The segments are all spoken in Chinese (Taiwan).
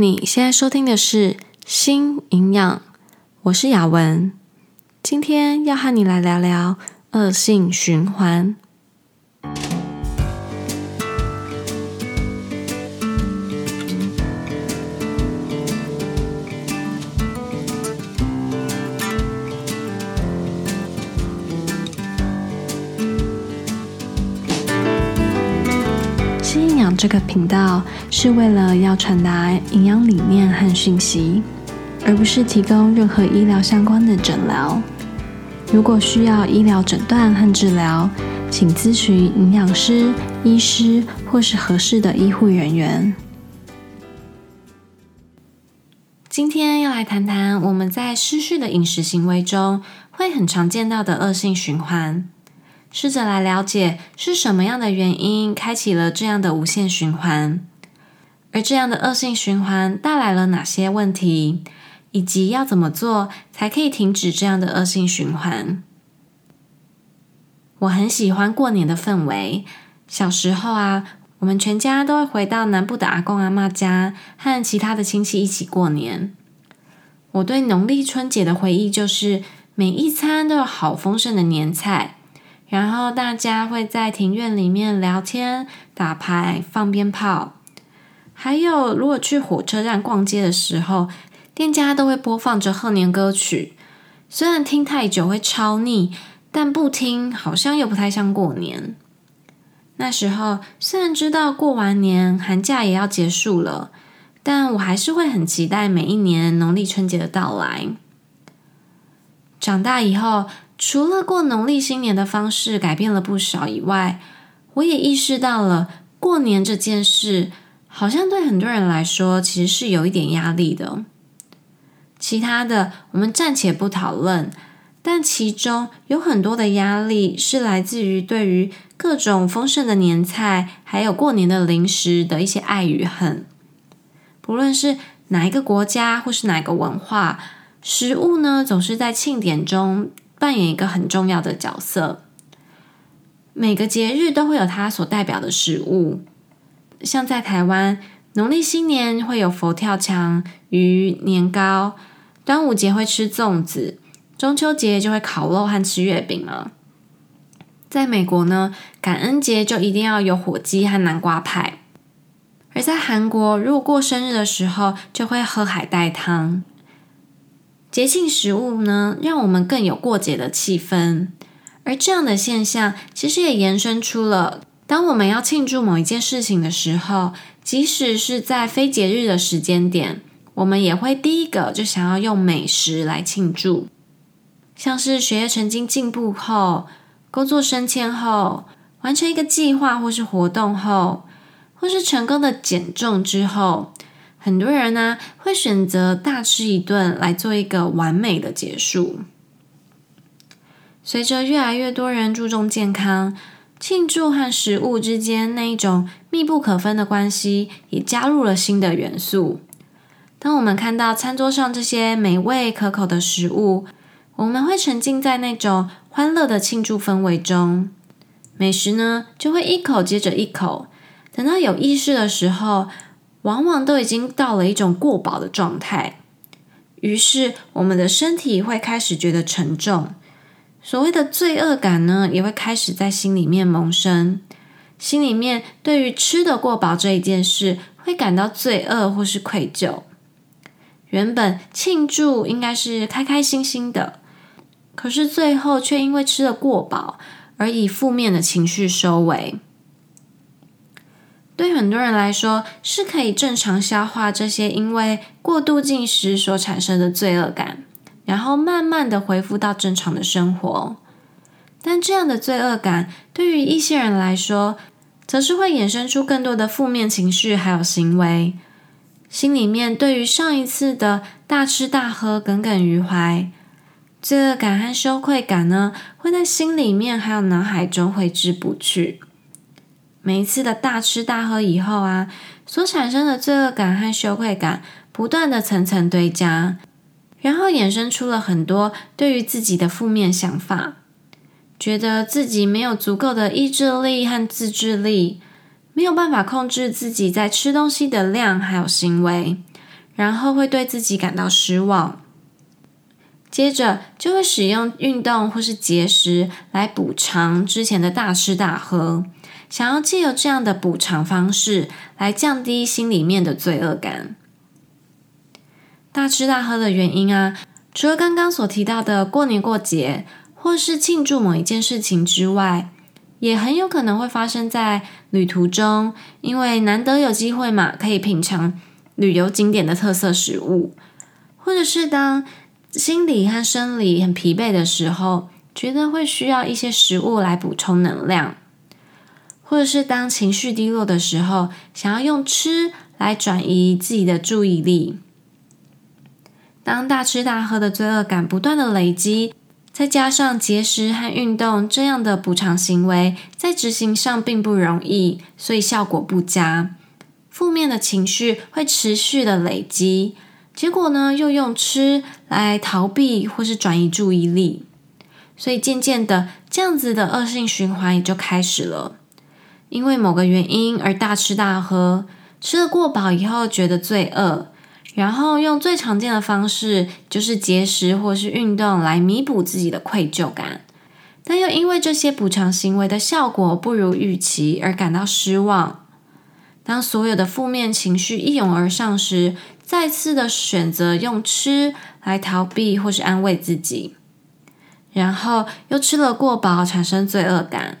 你現在收聽的是《新營養》，我是雅雯，今天要和你來聊聊惡性循環。這個頻道是為了要傳達營養理念和訊息，而不是提供任何醫療相關的診療。如果需要醫療診斷和治療，請諮詢營養師、醫師或是合適的醫護人員。今天要來談談我們在失序的飲食行為中會很常見到的惡性循環。試着來了解是什麼樣的原因開啟了這樣的無限循環，而這樣的惡性循環帶來了哪些問題，以及要怎麼做才可以停止這樣的惡性循環？我很喜歡過年的氛圍。小時候啊，我們全家都會回到南部的阿公阿媽家，和其他的親戚一起過年。我對農曆春節的回憶就是，每一餐都有好豐盛的年菜。然後大家會在庭院裡面聊天、打牌、放鞭炮，還有如果去火車站逛街的時候，店家都會播放着賀年歌曲。雖然聽太久會超膩，但不聽好像又不太像過年。那時候雖然知道過完年寒假也要結束了，但我還是會很期待每一年農曆春節的到來。長大以後，除了過農曆新年的方式改變了不少以外，我也意識到了過年這件事，好像對很多人來說其實是有一點壓力的。其他的我們暫且不討論，但其中有很多的壓力是來自於對於各種豐盛的年菜，還有過年的零食的一些愛與恨。不論是哪一個國家或是哪一個文化，食物呢總是在慶典中。扮演一個很重要的角色。每個節日都會有它所代表的食物，像在台灣，農曆新年會有佛跳牆、魚、年糕；端午節會吃粽子，中秋節就會烤肉和吃月餅了啊。在美國呢，感恩節就一定要有火雞和南瓜派；而在韓國，如果過生日的時候，就會喝海帶湯。節慶食物呢，讓我們更有過節的氣氛，而這樣的現象其實也延伸出了：當我們要慶祝某一件事情的時候，即使是在非節日的時間點，我們也會第一個就想要用美食來慶祝，像是學業成績進步後、工作升遷後、完成一個計劃或是活動後，或是成功的減重之後。很多人呢，會選擇大吃一頓，來做一個完美的結束。隨着越來越多人注重健康，慶祝和食物之間那一種密不可分的關係也加入了新的元素。當我們看到餐桌上這些美味可口的食物，我們會沉浸在那種歡樂的慶祝氛圍中。美食呢，就會一口接着一口，等到有意識的時候，往往都已經到了一種過飽的狀態，於是我們的身體會開始覺得沉重。所謂的罪惡感呢，也會開始在心裡面萌生，心裡面對於吃得過飽這一件事會感到罪惡或是愧疚。原本慶祝應該是開開心心的，可是最後卻因為吃得過飽而以負面的情緒收尾。對很多人來說，是可以正常消化這些因為過度進食所產生的罪惡感，然後慢慢地恢復到正常的生活。但這樣的罪惡感對於一些人來說，則是會衍生出更多的負面情緒，還有行為。心裡面對於上一次的大吃大喝耿耿於懷，罪惡感和羞愧感呢，會在心裡面還有腦海中揮之不去。每一次的大吃大喝以後啊，所產生的罪惡感和羞愧感不斷的層層堆加，然後衍生出了很多對於自己的負面想法，覺得自己沒有足夠的意志力和自制力，沒有辦法控制自己在吃東西的量還有行為，然後會對自己感到失望，接着就會使用運動或是節食來補償之前的大吃大喝。想要借由這樣的補償方式來降低心裡面的罪惡感。大吃大喝的原因啊，除了剛剛所提到的過年過節，或是慶祝某一件事情之外，也很有可能會發生在旅途中，因為難得有機會嘛，可以品嘗旅遊景點的特色食物，或者是當心理和生理很疲憊的時候，覺得會需要一些食物來補充能量。或者是當情緒低落的時候，想要用吃來轉移自己的注意力。當大吃大喝的罪惡感不斷的累積，再加上節食和運動這樣的補償行為，在執行上並不容易，所以效果不佳。負面的情緒會持續的累積，結果呢，又用吃來逃避或是轉移注意力。所以漸漸的，這樣子的惡性循環也就開始了。因為某個原因而大吃大喝，吃了過飽以後覺得罪惡，然後用最常見的方式，就是節食或是運動來彌補自己的愧疚感，但又因為這些補償行為的效果不如預期而感到失望。當所有的負面情緒一湧而上時，再次的選擇用吃來逃避或是安慰自己，然後又吃了過飽，產生罪惡感。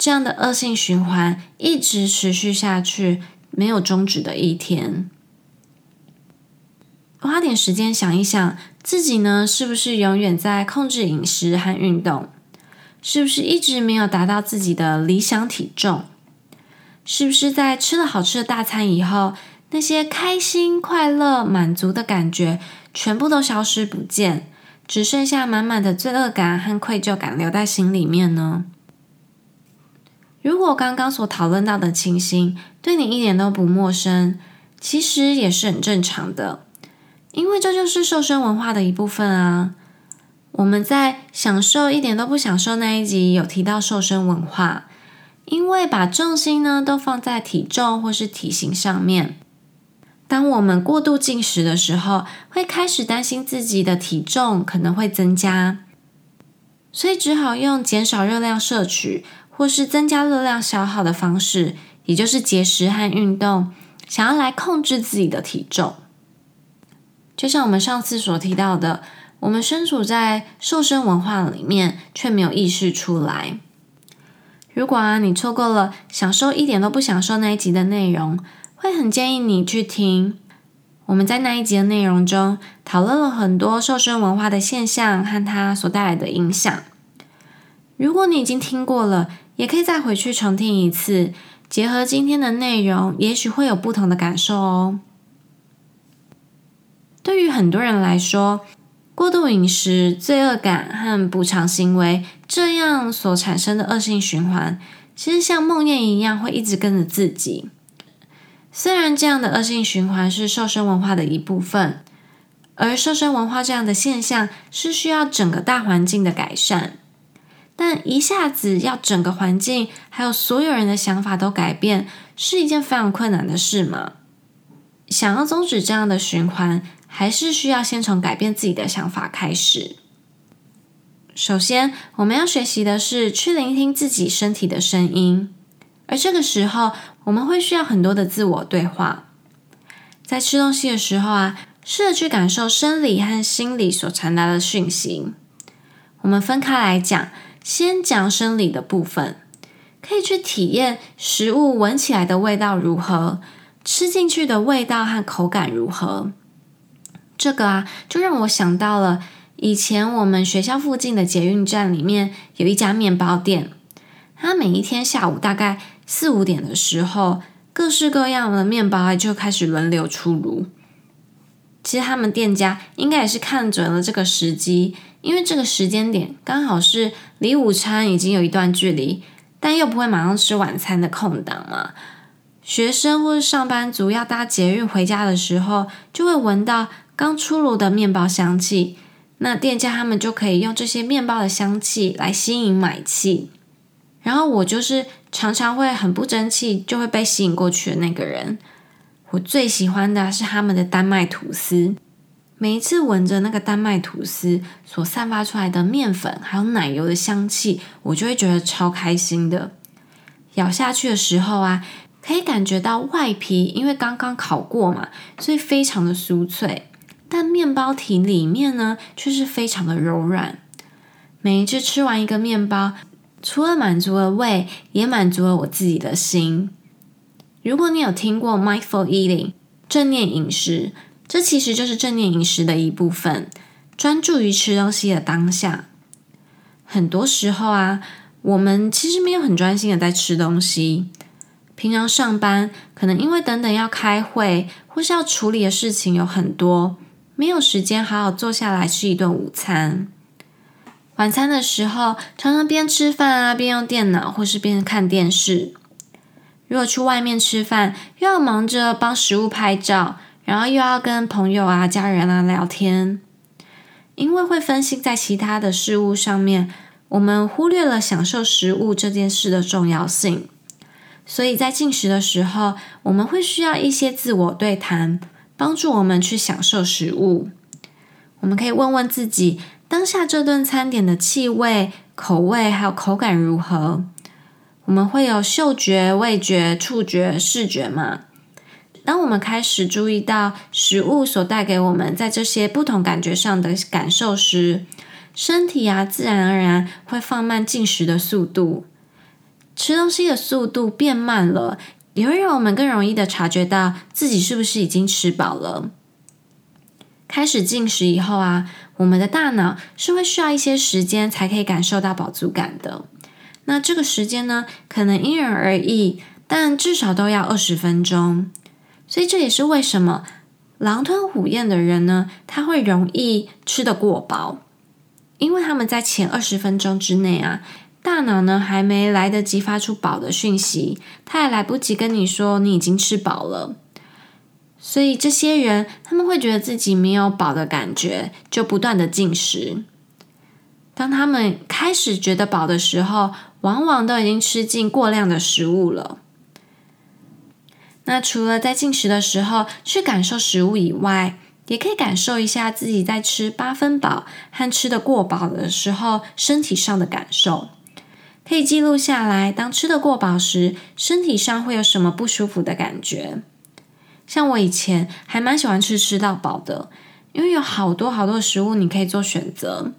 這樣的惡性循環一直持續下去，沒有終止的一天。花點時間想一想，自己呢是不是永遠在控制飲食和運動？是不是一直沒有達到自己的理想體重？是不是在吃了好吃的大餐以後，那些開心、快樂、滿足的感覺全部都消失不見，只剩下滿滿的罪惡感和愧疚感留在心裡面呢？如果剛剛所討論到的情形對你一點都不陌生，其實也是很正常的，因為這就是瘦身文化的一部分啊。我們在「想瘦一點都不享受」那一集有提到瘦身文化，因為把重心呢都放在體重或是體型上面。當我們過度進食的時候，會開始擔心自己的體重可能會增加，所以只好用減少熱量攝取。或是增加熱量消耗的方式，也就是節食和運動，想要來控制自己的體重。就像我們上次所提到的，我們身處在瘦身文化裡面，卻沒有意識出來。如果啊你錯過了想瘦一點都不享受那一集的內容，會很建議你去聽。我們在那一集的內容中討論了很多瘦身文化的現象和它所帶來的影響。如果你已經聽過了，也可以再回去重聽一次，結合今天的內容，也許會有不同的感受哦。對於很多人來說，過度飲食、罪惡感和補償行為這樣所產生的惡性循環，其實像夢魘一樣會一直跟着自己。雖然這樣的惡性循環是瘦身文化的一部分，而瘦身文化這樣的現象是需要整個大環境的改善。但一下子要整個環境還有所有人的想法都改變，是一件非常困難的事嗎？想要終止這樣的循環，還是需要先從改變自己的想法開始。首先，我們要學習的是去聆聽自己身體的聲音，而這個時候，我們會需要很多的自我對話。在吃東西的時候啊，試着去感受生理和心理所傳達的訊息。我們分開來講。先講生理的部分，可以去體驗食物聞起來的味道如何，吃進去的味道和口感如何。這個啊，就讓我想到了以前我們學校附近的捷運站裡面有一家麵包店，它每一天下午大概四五點的時候，各式各樣的麵包就開始輪流出爐。其實他們店家應該也是看準了這個時機。因為這個時間點剛好是離午餐已經有一段距離，但又不會馬上吃晚餐的空檔嘛，啊。學生或是上班族要搭捷運回家的時候，就會聞到剛出爐的面包香氣。那店家他們就可以用這些麵包的香氣來吸引買氣。然後我就是常常會很不爭氣，就會被吸引過去的那個人。我最喜歡的是他們的丹麥吐司。每一次聞着那個丹麥吐司所散發出來的麵粉還有奶油的香氣，我就會覺得超開心的。咬下去的時候啊，可以感覺到外皮因為剛剛烤過嘛，所以非常的酥脆。但麵包體裡面呢，卻是非常的柔軟。每一次吃完一個麵包，除了滿足了胃，也滿足了我自己的心。如果你有聽過 Mindful Eating，正念飲食。這其實就是正念飲食的一部分，專注於吃東西的當下。很多時候啊，我們其實沒有很專心的在吃東西。平常上班，可能因為等等要開會，或是要處理的事情有很多，沒有時間好好坐下來吃一頓午餐、晚餐的時候，常常邊吃飯啊，邊用電腦，或是邊看電視。如果去外面吃飯，又要忙着幫食物拍照。然後又要跟朋友啊、家人啊聊天，因為會分心在其他的事物上面，我們忽略了享受食物這件事的重要性。所以在進食的時候，我們會需要一些自我對談，幫助我們去享受食物。我們可以問問自己，當下這頓餐點的氣味、口味還有口感如何？我們會有嗅覺、味覺、觸覺、視覺嗎？當我們開始注意到食物所帶給我們在這些不同感覺上的感受時，身體啊自然而然會放慢進食的速度。吃東西的速度變慢了，也會讓我們更容易的察覺到自己是不是已經吃飽了。開始進食以後啊，我們的大腦是會需要一些時間才可以感受到飽足感的。那這個時間呢，可能因人而異，但至少都要二十分鐘。所以這也是為什麼狼吞虎咽的人呢，他會容易吃得過飽，因為他們在前二十分鐘之內啊，大腦呢還沒來得及發出飽的訊息，他也來不及跟你說你已經吃飽了，所以這些人他們會覺得自己沒有飽的感覺，就不斷的進食。當他們開始覺得飽的時候，往往都已經吃進過量的食物了。那除了在進食的時候去感受食物以外，也可以感受一下自己在吃八分飽和吃得過飽的時候身體上的感受，可以記錄下來。當吃得過飽時，身體上會有什麼不舒服的感覺？像我以前還蠻喜歡吃吃到飽的，因為有好多好多食物你可以做選擇，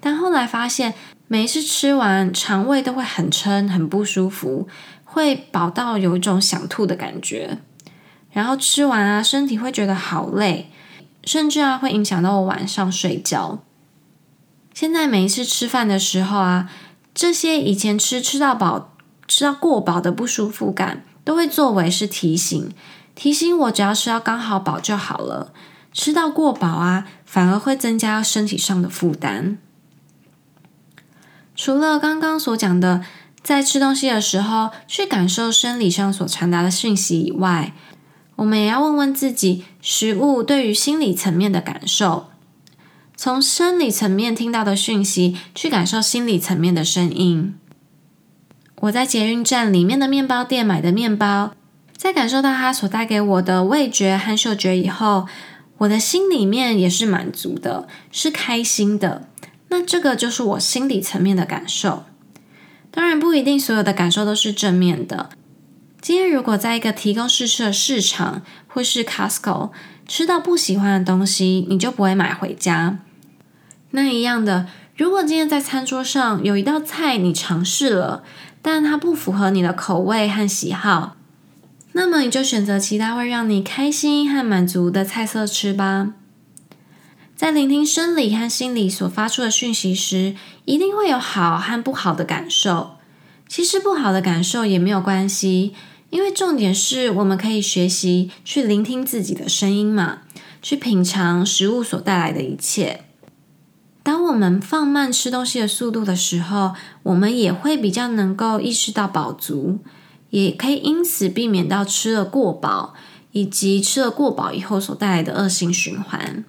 但後來發現每一次吃完腸胃都會很撐、很不舒服。會飽到有一種想吐的感覺，然後吃完啊，身體會覺得好累，甚至啊，會影響到我晚上睡覺。現在每一次吃飯的時候啊，這些以前吃吃到飽、吃到過飽的不舒服感，都會作為是提醒，提醒我只要吃到剛好飽就好了。吃到過飽啊，反而會增加身體上的負擔。除了剛剛所講的。在吃東西的時候，去感受生理上所傳達的訊息以外，我們也要問問自己：食物對於心理層面的感受。從生理層面聽到的訊息，去感受心理層面的聲音。我在捷運站裡面的麵包店買的麵包，在感受到它所帶給我的味覺和嗅覺以後，我的心裡面也是滿足的，是開心的。那這個就是我心理層面的感受。當然不一定所有的感受都是正面的。今天如果在一個提供試吃的市場，或是 Costco，吃到不喜歡的東西，你就不會買回家。那一樣的，如果今天在餐桌上有一道菜你嘗試了，但它不符合你的口味和喜好，那麼你就選擇其他會讓你開心和滿足的菜色吃吧。在聆聽生理和心理所發出的訊息時，一定會有好和不好的感受。其實不好的感受也沒有關係，因為重點是我們可以學習去聆聽自己的聲音嘛，去品嘗食物所帶來的一切。當我們放慢吃東西的速度的時候，我們也會比較能夠意識到飽足，也可以因此避免到吃了過飽，以及吃了過飽以後所帶來的惡性循環。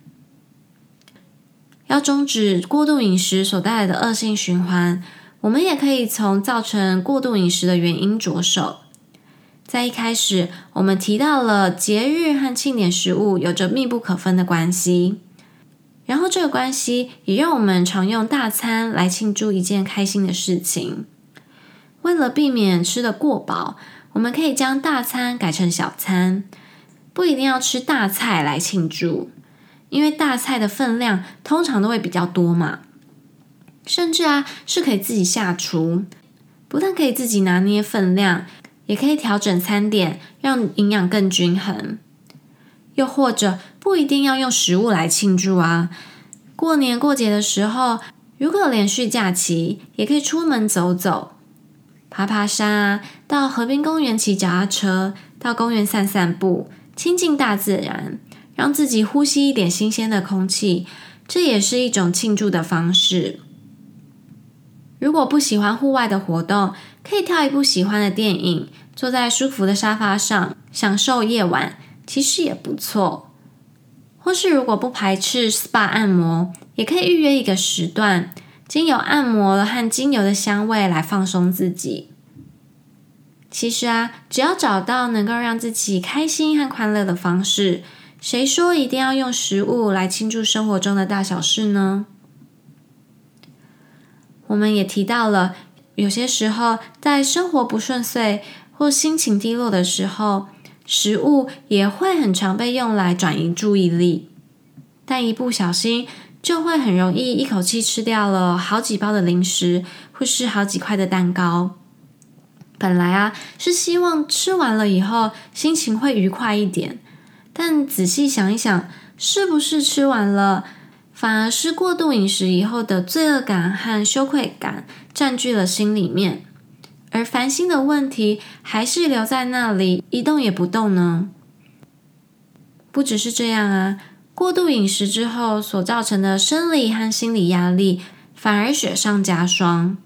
要終止過度飲食所帶來的惡性循環，我們也可以從造成過度飲食的原因着手。在一開始，我們提到了節日和慶典食物有着密不可分的關係，然後這個關係也讓我們常用大餐來慶祝一件開心的事情。為了避免吃得過飽，我們可以將大餐改成小餐，不一定要吃大菜來慶祝。因為大菜的分量，通常都會比較多嘛，甚至啊是可以自己下廚，不但可以自己拿捏分量，也可以調整餐點，讓營養更均衡。又或者不一定要用食物來慶祝啊，過年過節的時候，如果連續假期，也可以出門走走、爬爬山啊，到河邊公園騎腳踏車，到公園散散步，親近大自然。讓自己呼吸一點新鮮的空氣，這也是一種慶祝的方式。如果不喜歡戶外的活動，可以挑一部喜歡的電影，坐在舒服的沙發上享受夜晚，其實也不錯。或是，如果不排斥 SPA 按摩，也可以預約一個時段，精油按摩和精油的香味來放鬆自己。其實啊，只要找到能夠讓自己開心和快樂的方式。誰說一定要用食物來慶祝生活中的大小事呢？我們也提到了，有些時候在生活不順遂或心情低落的時候，食物也會很常被用來轉移注意力，但一不小心就會很容易一口氣吃掉了好幾包的零食，或是好幾塊的蛋糕。本來啊，是希望吃完了以後心情會愉快一點。但仔細想一想，是不是吃完了，反而是過度飲食以後的罪惡感和羞愧感佔據了心裡面，而煩心的問題還是留在那裡，一動也不動呢？不只是這樣啊，過度飲食之後所造成的生理和心理壓力，反而雪上加霜，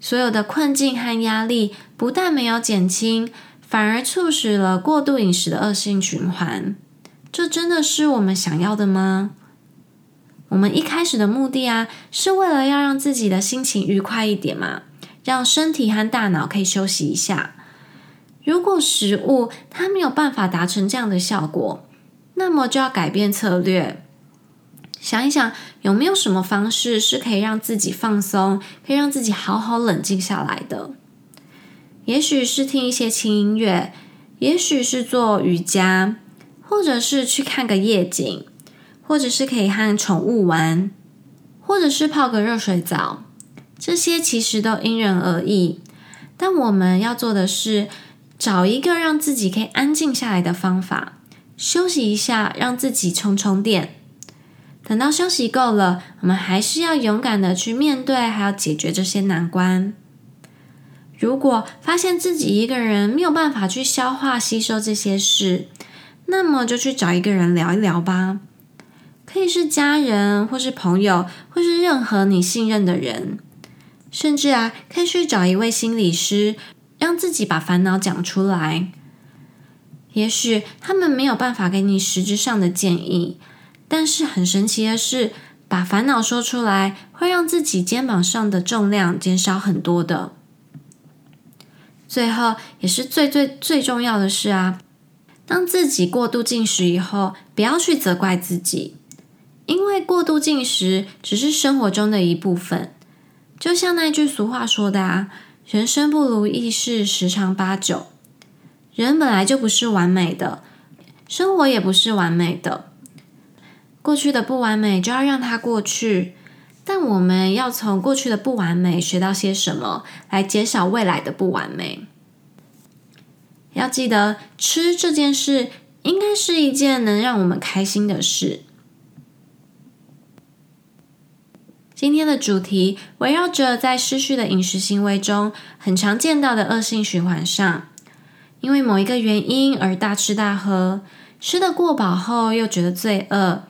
所有的困境和壓力不但沒有減輕，反而促使了過度飲食的惡性循環，這真的是我們想要的嗎？我們一開始的目的啊，是為了要讓自己的心情愉快一點嘛，讓身體和大腦可以休息一下。如果食物它沒有辦法達成這樣的效果，那麼就要改變策略。想一想，有沒有什麼方式是可以讓自己放鬆，可以讓自己好好冷靜下來的。也許是聽一些輕音樂，也許是做瑜伽，或者是去看個夜景，或者是可以和寵物玩，或者是泡個熱水澡。這些其實都因人而異。但我們要做的是找一個讓自己可以安靜下來的方法，休息一下，讓自己充充電。等到休息夠了，我們還是要勇敢的去面對，還要解決這些難關。如果發現自己一個人沒有辦法去消化吸收這些事，那麼就去找一個人聊一聊吧。可以是家人，或是朋友，或是任何你信任的人，甚至啊，可以去找一位心理師，讓自己把煩惱講出來。也許他們沒有辦法給你實質上的建議，但是很神奇的是，把煩惱說出來，會讓自己肩膀上的重量減少很多的。最後也是最最最重要的是啊，當自己過度進食以後，不要去責怪自己，因為過度進食只是生活中的一部分。就像那句俗話說的啊，人生不如意事十常八九，人本來就不是完美的，生活也不是完美的，過去的不完美就要讓它過去。但我們要從過去的不完美學到些什麼，來減少未來的不完美。要記得，吃這件事應該是一件能讓我們開心的事。今天的主題圍繞着在失序的飲食行為中很常見到的惡性循環上，因為某一個原因而大吃大喝，吃得過飽後又覺得罪惡。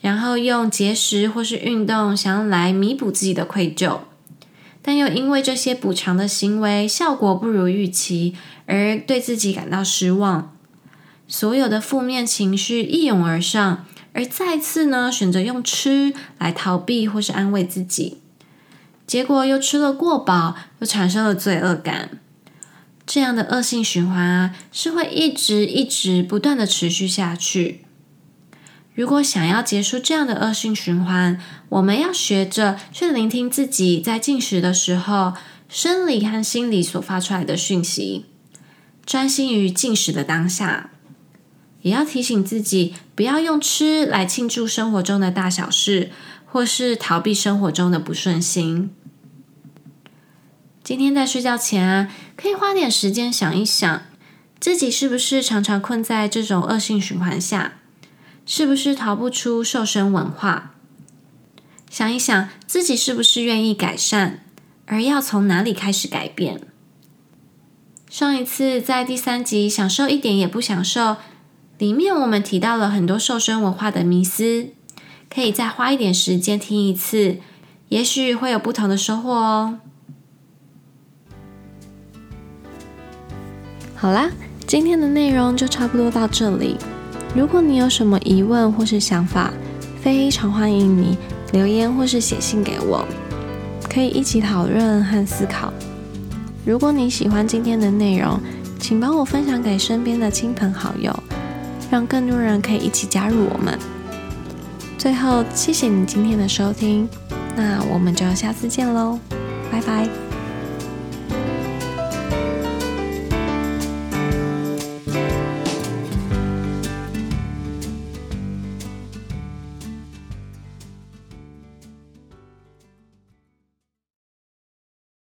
然後用節食或是運動，想要來彌補自己的愧疚，但又因為這些補償的行為效果不如預期，而對自己感到失望。所有的負面情緒一湧而上，而再次呢，選擇用吃來逃避或是安慰自己，結果又吃了過飽，又產生了罪惡感。這樣的惡性循環啊，是會一直一直不斷的持續下去。如果想要結束這樣的惡性循環，我們要學着去聆聽自己在進食的時候，生理和心理所發出來的訊息，專心於進食的當下，也要提醒自己不要用吃來慶祝生活中的大小事，或是逃避生活中的不順心。今天在睡覺前啊，可以花點時間想一想，自己是不是常常困在這種惡性循環下？是不是逃不出瘦身文化？想一想自己是不是願意改善，而要從哪裡開始改變？上一次在第三集“想瘦一點也不享受”裡面，我們提到了很多瘦身文化的迷思，可以再花一點時間聽一次，也許會有不同的收穫哦。好啦，今天的內容就差不多到這裡。如果你有什麼疑問或是想法，非常歡迎你留言或是寫信給我，可以一起討論和思考。如果你喜歡今天的內容，請幫我分享給身邊的親朋好友，讓更多人可以一起加入我們。最後，謝謝你今天的收聽，那我們就要下次見嘍，拜拜。